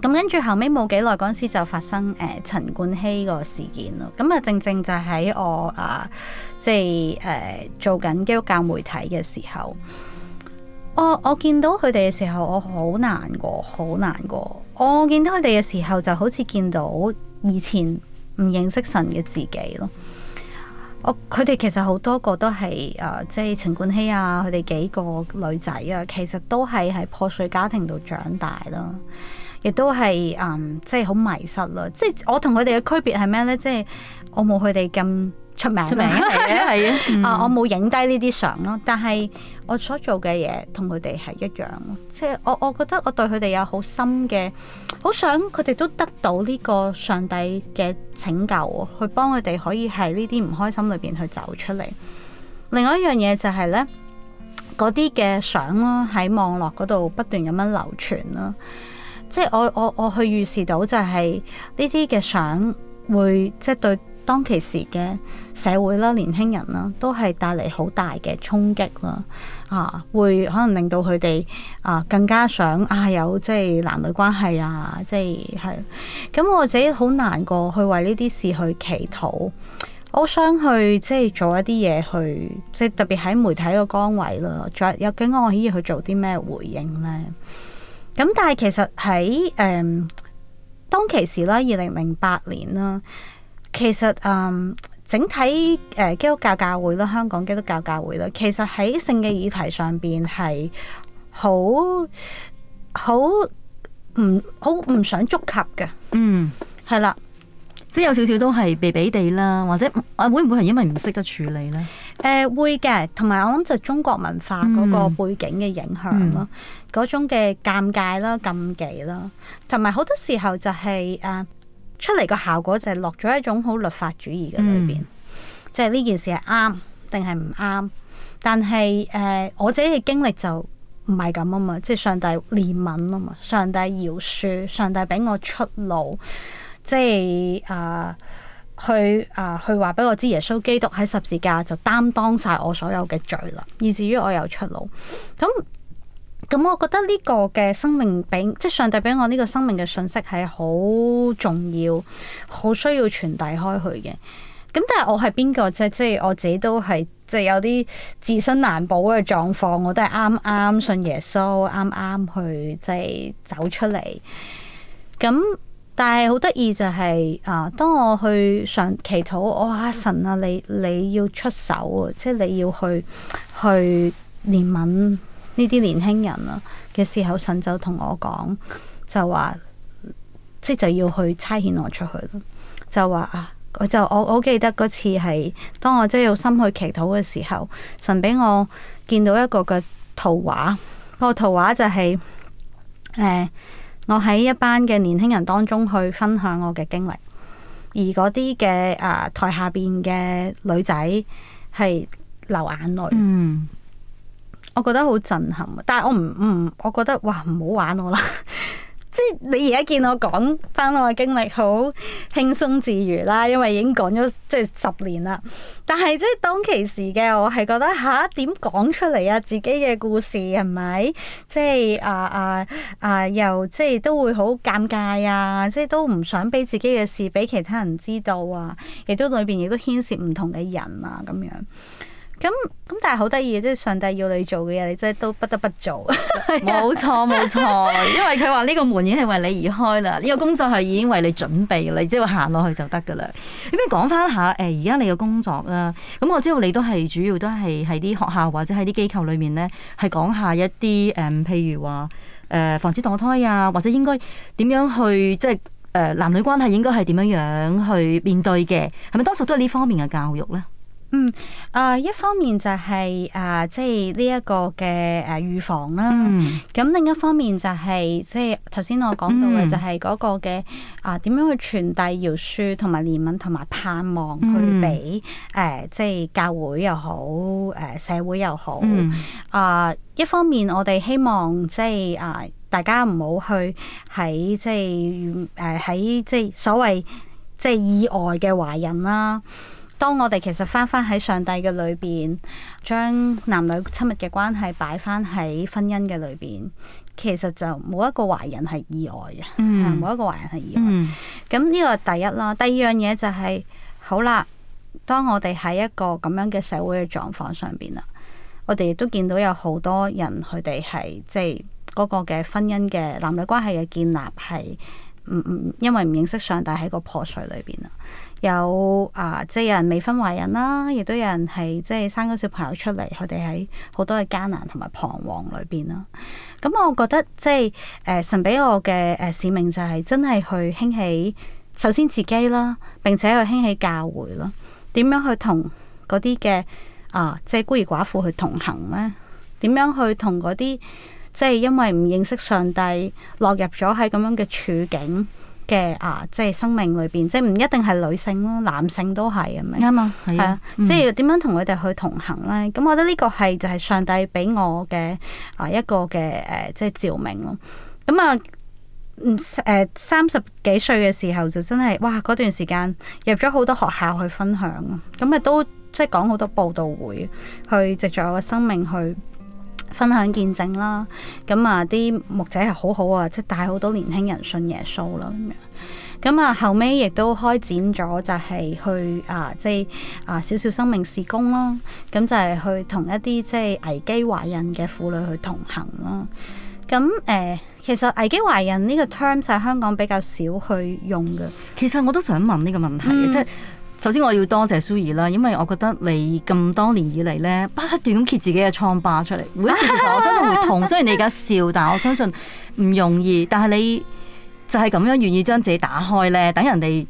咁跟住後尾冇幾耐嗰陣時就發生誒、呃、陳冠希個事件咯。咁啊，正正就喺我啊、呃，即係誒、呃、做緊基督教媒體嘅時候，我我見到佢哋嘅時候，我好難過，好難過。我見到佢哋嘅時候，就好似見到以前唔認識神嘅自己咯。我佢哋其實好多個都係誒、呃，即係陳冠希啊，佢哋幾個女仔啊，其實都係喺破碎家庭度長大咯，亦都係嗯，即係好迷失咯。即係我同佢哋嘅區別係咩呢？即係我冇佢哋咁。出名出名嘅係啊！啊，我冇影低呢啲相咯，但係我所做嘅嘢同佢哋係一樣，即係我我覺得我對佢哋有好深嘅，好想佢哋都得到呢個上帝嘅拯救，去幫佢哋可以喺呢啲唔開心裏邊去走出嚟。另外一樣嘢就係咧，嗰啲嘅相咯喺網絡嗰度不斷咁樣流傳啦，即係我我我去預示到就係呢啲嘅相會即係對。當其時嘅社會啦，年輕人啦，都係帶嚟好大嘅衝擊啦，啊，會可能令到佢哋啊更加想啊有即係男女關係啊，即係係咁，我自己好難過去為呢啲事去祈禱，我想去即係做一啲嘢去，即係特別喺媒體個崗位啦，再有幾多我可以去做啲咩回應呢？咁但係其實喺誒、嗯、當其時啦，二零零八年啦。其實，嗯，整體誒、呃、基督教教會啦，香港基督教教會啦，其實喺性嘅議題上邊係好好唔好唔想觸及嘅。嗯，係啦的，即係有少少都係避避地啦，或者誒會唔會係因為唔識得處理呢？誒、呃、會嘅，同埋我諗就中國文化嗰個背景嘅影響咯，嗰、嗯嗯、種嘅尷尬啦、禁忌啦，同埋好多時候就係、是、誒。呃出嚟個效果就係落咗一種好律法主義嘅裏邊，嗯、即係呢件事係啱定係唔啱。但係誒、呃，我自己嘅經歷就唔係咁啊嘛，即係上帝憐憫啊嘛，上帝饒恕，上帝俾我出路，即係誒、啊、去誒、啊、去話俾我知，耶穌基督喺十字架就擔當晒我所有嘅罪啦，以至於我有出路咁。嗯咁、嗯、我覺得呢個嘅生命俾即上帝俾我呢個生命嘅信息係好重要，好需要傳遞開去嘅。咁、嗯、但係我係邊個啫？即係我自己都係即係有啲自身難保嘅狀況，我都係啱啱信耶穌，啱啱去即係走出嚟。咁、嗯、但係好得意就係、是、啊，當我去上祈禱，我話阿神啊，你你要出手啊，即係你要去去憐憫。呢啲年輕人啊嘅時候，神就同我講，就話即、就是、就要去差遣我出去咯。就話啊，我就我好記得嗰次係當我真係有心去祈禱嘅時候，神俾我見到一個嘅圖畫，嗰、那個圖畫就係、是、誒、欸，我喺一班嘅年輕人當中去分享我嘅經歷，而嗰啲嘅啊台下邊嘅女仔係流眼淚。嗯。我覺得好震撼，但係我唔唔，我覺得哇唔好玩我啦， 即係你而家見我講翻我嘅經歷好輕鬆自如啦，因為已經講咗即係十年啦。但係即係當其時嘅我係覺得吓點講出嚟啊，自己嘅故事係咪即係啊啊啊又即係都會好尷尬啊，即係都唔想俾自己嘅事俾其他人知道啊，亦都裏邊亦都牽涉唔同嘅人啊咁樣。咁咁但係好得意嘅。即係上帝要你做嘅嘢，你真係都不得不做。冇錯冇錯，因為佢話呢個門已經係為你而開啦，呢個工作係已經為你準備，你只要行落去就得噶啦。咁樣講翻下，誒，而家你嘅工作啦，咁我知道你都係主要都係喺啲學校或者喺啲機構裏面咧，係講下一啲誒，譬如話誒，防止墮胎啊，或者應該點樣去即係誒，就是、男女關係應該係點樣樣去面對嘅？係咪多數都係呢方面嘅教育咧？嗯，啊、呃，一方面就係、是、啊、呃，即係呢一個嘅誒預防啦。咁、嗯、另一方面就係、是、即係頭先我講到嘅，就係嗰個嘅啊，點、呃、樣去傳遞饒恕同埋憐憫同埋盼望去俾誒、嗯呃，即係教會又好，誒、呃、社會又好。啊、嗯呃，一方面我哋希望即係啊、呃，大家唔好去喺即係誒喺即係所謂即係意外嘅懷孕啦。當我哋其實翻翻喺上帝嘅裏邊，將男女親密嘅關係擺翻喺婚姻嘅裏邊，其實就冇一個懷孕係意外嘅，冇、嗯、一個懷孕係意外。咁呢、嗯、個第一啦。第二樣嘢就係、是、好啦，當我哋喺一個咁樣嘅社會嘅狀況上邊啦，我哋亦都見到有好多人佢哋係即係嗰個嘅婚姻嘅男女關係嘅建立係唔唔因為唔認識上帝喺個破碎裏邊啦。有啊、呃，即係有人未婚懷孕啦，亦都有人係即係生咗小朋友出嚟，佢哋喺好多嘅艱難同埋彷徨裏邊啦。咁、嗯、我覺得即係誒、呃、神俾我嘅誒、呃、使命就係真係去興起首先自己啦，並且去興起教會咯。點樣去同嗰啲嘅啊，即係孤兒寡婦去同行咧？點樣去同嗰啲即係因為唔認識上帝落入咗喺咁樣嘅處境？嘅啊，即係生命裏邊，即係唔一定係女性咯，男性都係，係咪？啱吧啊，係啊，即係點樣同佢哋去同行咧？咁、嗯、我覺得呢個係就係上帝俾我嘅啊一個嘅誒，即係照明咯。咁啊，嗯誒、啊啊、三十幾歲嘅時候就真係哇，嗰段時間入咗好多學校去分享，咁啊都即係講好多報道會去，藉住我嘅生命去。分享見證啦，咁啊啲牧者係好好啊，即係帶好多年輕人信耶穌啦咁樣。咁啊後尾亦都開展咗就係去啊即係啊小小生命事工咯，咁就係去同一啲即係危機懷孕嘅婦女去同行咯。咁誒、啊，其實危機懷孕呢個 terms 喺香港比較少去用嘅。其實我都想問呢個問題，即係、嗯。首先我要多謝蘇兒啦，因為我覺得你咁多年以嚟呢，不斷咁揭自己嘅瘡疤出嚟，每一次其實我相信會痛， 雖然你而家笑，但係我相信唔容易。但係你就係咁樣願意將自己打開呢，等人哋。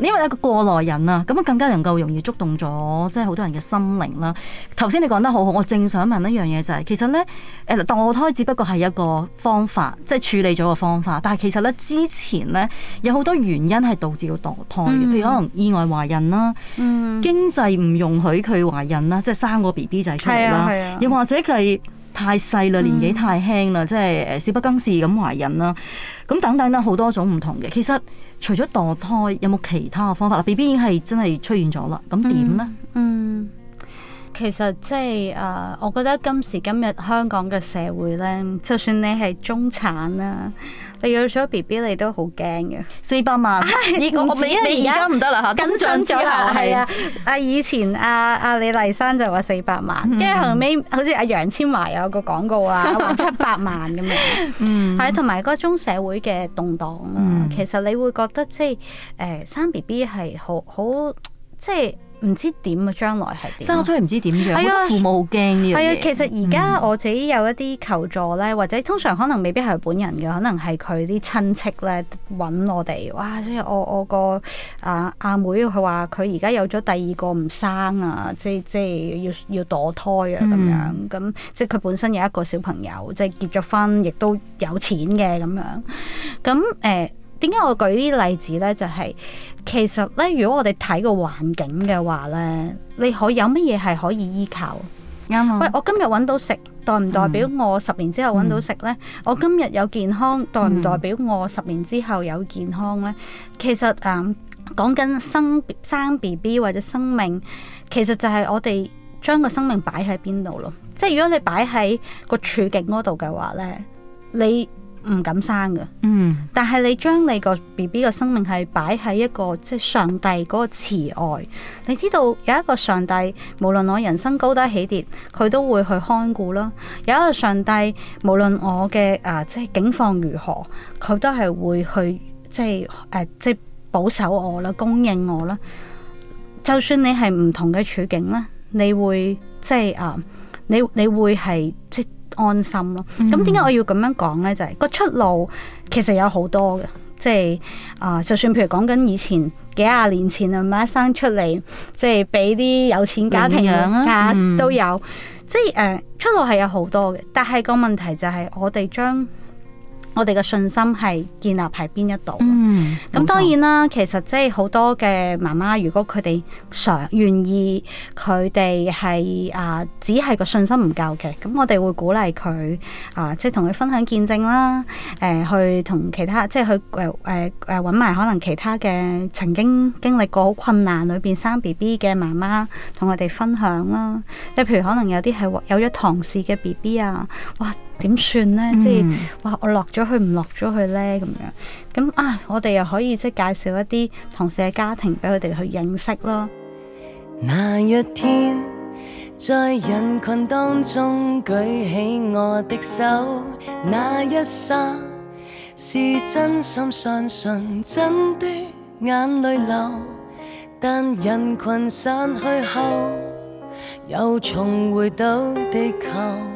因為一個過來人啊，咁啊更加能夠容易觸動咗，即係好多人嘅心靈啦。頭先你講得好好，我正想問一樣嘢就係、是，其實咧，誒墮胎只不過係一個方法，即係處理咗個方法。但係其實咧之前咧，有好多原因係導致到墮胎嘅，譬、嗯、哼如可能意外懷孕啦，嗯、哼經濟唔容許佢懷孕啦，即係生個 B B 仔出嚟啦，又、嗯、哼或者佢太細啦，嗯、哼年紀太輕啦，即係誒少不更事咁懷孕啦。咁等等啦，好多種唔同嘅。其實除咗墮胎，有冇其他嘅方法啦？BB 已經係真係出現咗啦，咁點呢？嗯。嗯。其實即係誒，我覺得今時今日香港嘅社會咧，就算你係中產啦，你有咗 B B 你都好驚嘅。四百萬，你而家唔得啦嚇，跟進之後係啊，啊以前啊阿李麗珊就話四百萬，跟住後尾好似阿楊千嬅有個廣告啊七百萬咁樣，嗯，係同埋嗰種社會嘅動盪，其實你會覺得即係誒生 B B 係好好即係。唔知點啊？將來係生出嚟唔知點樣，哎、呀父母好驚呢樣嘢。係啊，其實而家我自己有一啲求助咧，嗯、或者通常可能未必係本人嘅，可能係佢啲親戚咧揾我哋。哇！即係所以我我個啊阿妹，佢話佢而家有咗第二個唔生啊，即即要要墮胎啊咁樣。咁、嗯嗯嗯、即係佢本身有一個小朋友，即係結咗婚，亦都有錢嘅咁樣。咁誒。嗯呃點解我舉呢啲例子呢？就係、是、其實呢，如果我哋睇個環境嘅話呢，你可以有乜嘢係可以依靠？啱、嗯、喂，我今日揾到食，代唔代表我十年之後揾到食呢？嗯、我今日有健康，代唔代表我十年之後有健康呢？嗯、其實誒、嗯，講緊生生、生 B B 或者生命，其實就係我哋將個生命擺喺邊度咯。即係如果你擺喺個處境嗰度嘅話呢，你。唔敢生噶，嗯、但係你將你個 B B 個生命係擺喺一個即係、就是、上帝嗰個慈愛。你知道有一個上帝，無論我人生高低起跌，佢都會去看顧啦。有一個上帝，無論我嘅啊即係境況如何，佢都係會去即係誒、啊、即係保守我啦，供應我啦。就算你係唔同嘅處境啦，你會即係啊，你你會係即。安心咯，咁點解我要咁樣講呢？就係、是、個出路其實有好多嘅，即係啊、呃，就算譬如講緊以前幾廿年前啊，阿媽生出嚟即係俾啲有錢家庭家啊、嗯、都有，即係、呃、出路係有好多嘅，但係個問題就係我哋將。我哋嘅信心係建立喺邊一度？咁、嗯、當然啦，錯其實即係好多嘅媽媽，如果佢哋常願意，佢哋係啊，只係個信心唔夠嘅。咁我哋會鼓勵佢啊，即係同佢分享見證啦。誒、呃，去同其他即係去誒誒誒揾埋可能其他嘅曾經經歷過好困難裏邊生 B B 嘅媽媽，同我哋分享啦。即係譬如可能有啲係有咗唐氏嘅 B B 啊，哇！點算呢？嗯、即係哇！我落咗去唔落咗去呢？咁樣咁啊！我哋又可以即係介紹一啲同事嘅家庭俾佢哋去認識咯。那一天，在人群當中舉起我的手，那一剎，是真心相信，真的眼淚流。但人群散去後，又重回到地球。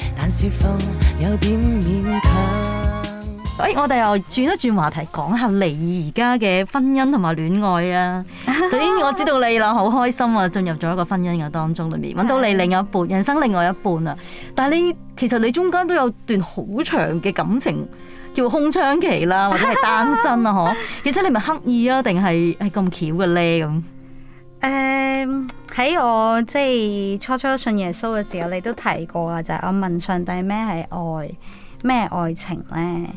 哎，我哋又轉一轉話題，講下你而家嘅婚姻同埋戀愛啊。所以我知道你啦，好開心啊，進入咗一個婚姻嘅當中裏面，揾到你另外一半，人生另外一半啦。但係你其實你中間都有段好長嘅感情叫空窗期啦，或者係單身啊，嗬。而且你咪刻意啊，定係係咁巧嘅咧咁？誒，喺、uh, 我即係初初信耶穌嘅時候，你都提過啊，就係、是、我問上帝咩係愛咩愛情呢？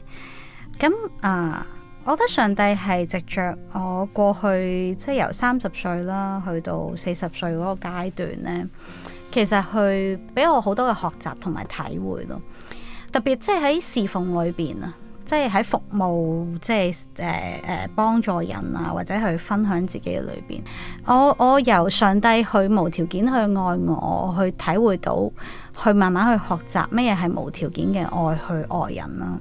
咁啊，uh, 我覺得上帝係藉着我過去即係由三十歲啦，去到四十歲嗰個階段呢，其實去俾我好多嘅學習同埋體會咯。特別即係喺侍奉裏邊啊。即係喺服務，即係誒誒幫助人啊，或者去分享自己嘅裏邊。我我由上帝去無條件去愛我，去體會到，去慢慢去學習咩嘢係無條件嘅愛去愛人啦。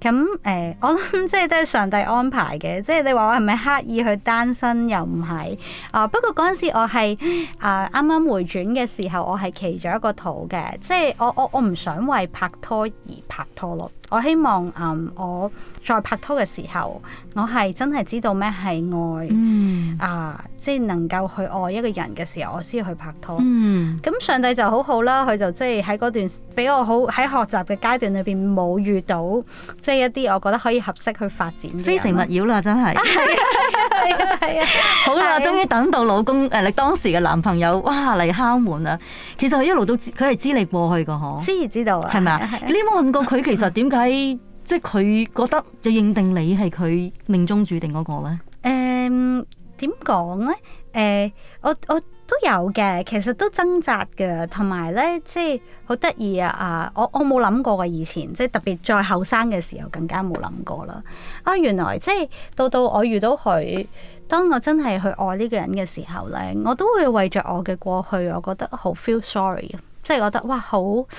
咁誒、呃，我諗即係都係上帝安排嘅。即係你話我係咪刻意去單身又唔係啊？不過嗰陣時我係啊啱啱回轉嘅時候，我係企咗一個圖嘅，即係我我我唔想為拍拖而拍拖咯，我希望我再拍拖嘅時候，我係真係知道咩係愛，啊，即係能夠去愛一個人嘅時候，我先去拍拖。咁上帝就好好啦，佢就即係喺嗰段，比我好喺學習嘅階段裏邊冇遇到，即係一啲我覺得可以合適去發展。非誠勿擾啦，真係。係好啦，終於等到老公誒，你當時嘅男朋友哇嚟敲門啦！其實佢一路都佢係知你過去噶嗬，知知道啊，係咪你有冇佢其實點解即係佢覺得就認定你係佢命中注定嗰個咧？誒點講咧？誒、嗯、我我都有嘅，其實都掙扎嘅，同埋咧即係好得意啊！啊，我我冇諗過嘅，以前即係特別在後生嘅時候更加冇諗過啦。啊，原來即係到到我遇到佢，當我真係去愛呢個人嘅時候咧，我都會為着我嘅過去，我覺得好 feel sorry，即係覺得哇好～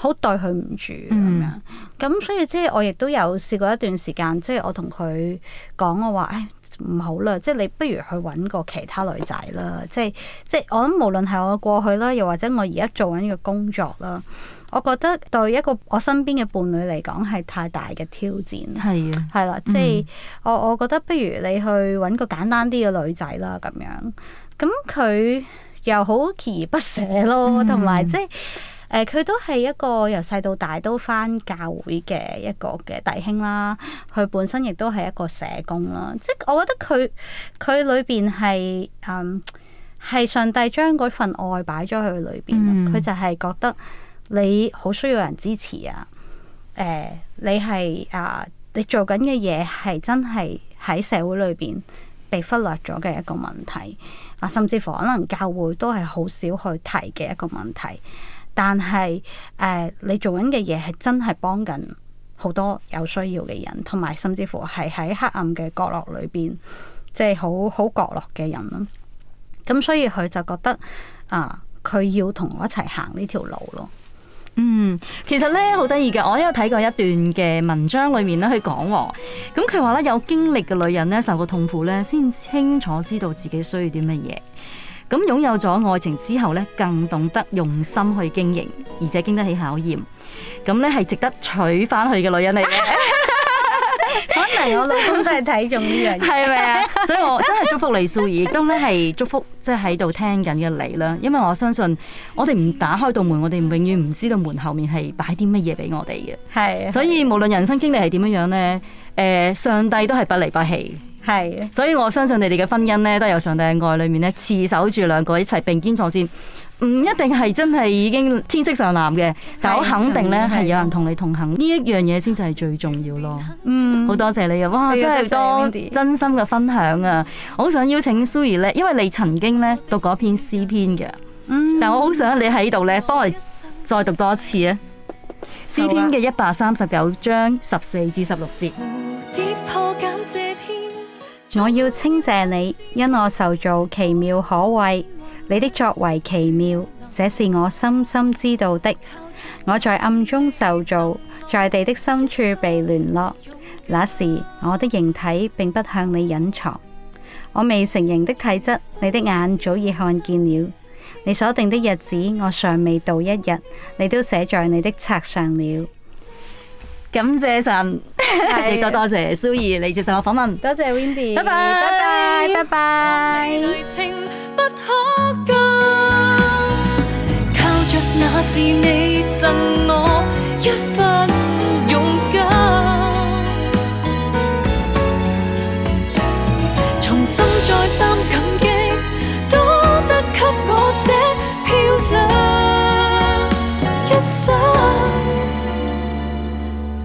好對佢唔住咁樣，咁、嗯、所以即係我亦都有試過一段時間，即係我同佢講我話，誒唔好啦，即係你不如去揾個其他女仔啦，即係即係我諗，無論係我過去啦，又或者我而家做緊呢個工作啦，我覺得對一個我身邊嘅伴侶嚟講係太大嘅挑戰，係啊的，係啦，即係、嗯、我我覺得不如你去揾個簡單啲嘅女仔啦，咁樣，咁佢又好鍥而不捨咯，同埋即係。嗯誒，佢都係一個由細到大都返教會嘅一個嘅弟兄啦。佢本身亦都係一個社工啦，即係我覺得佢佢裏邊係誒係上帝將嗰份愛擺咗去裏邊，佢、嗯、就係覺得你好需要人支持啊。誒、呃，你係啊，你做緊嘅嘢係真係喺社會裏邊被忽略咗嘅一個問題啊，甚至乎可能教會都係好少去提嘅一個問題。但係，誒、呃，你做緊嘅嘢係真係幫緊好多有需要嘅人，同埋甚至乎係喺黑暗嘅角落裏邊，即係好好角落嘅人咯。咁所以佢就覺得啊，佢要同我一齊行呢條路咯。嗯，其實咧好得意嘅，我有睇過一段嘅文章裏面咧，佢講喎，咁佢話咧，有經歷嘅女人咧，受過痛苦咧，先清楚知道自己需要啲乜嘢。咁擁有咗愛情之後咧，更懂得用心去經營，而且經得起考驗。咁咧係值得娶翻去嘅女人嚟。 可能我老公都係睇中呢樣嘢，係咪啊？所以我真係祝福李舒儀，亦都咧係祝福，即係喺度聽緊嘅你啦。因為我相信，我哋唔打開道門，我哋永遠唔知道門後面係擺啲乜嘢俾我哋嘅。係的。所以無論人生經歷係點樣樣咧，誒，上帝都係不離不棄。係，所以我相信你哋嘅婚姻咧，都係由上帝嘅愛裏面咧，持守住兩個一齊並肩作戰，唔一定係真係已經天色尚藍嘅，是但我肯定咧，係有人同你同行呢一樣嘢先至係最重要咯。嗯，好多謝你啊！哇，真係多真心嘅分享啊！謝謝，我好想邀請蘇怡咧，因為你曾經咧讀過一篇詩篇嘅，嗯，但我好想你喺度咧，幫我再讀多一次啊！詩篇嘅一百三十九章十四至十六節。我要稱謝你，因我受造奇妙可畏，你的作為奇妙，這是我深深知道的。我在暗中受造，在地的深處被聯絡，那時我的形體並不向你隱藏，我未成形的體質，你的眼早已看見了。你所定的日子，我尚未到一日，你都寫在你的冊上了。感謝神，亦多多謝蘇怡，你接受我訪問。多謝 Wendy，拜拜，拜拜，拜拜。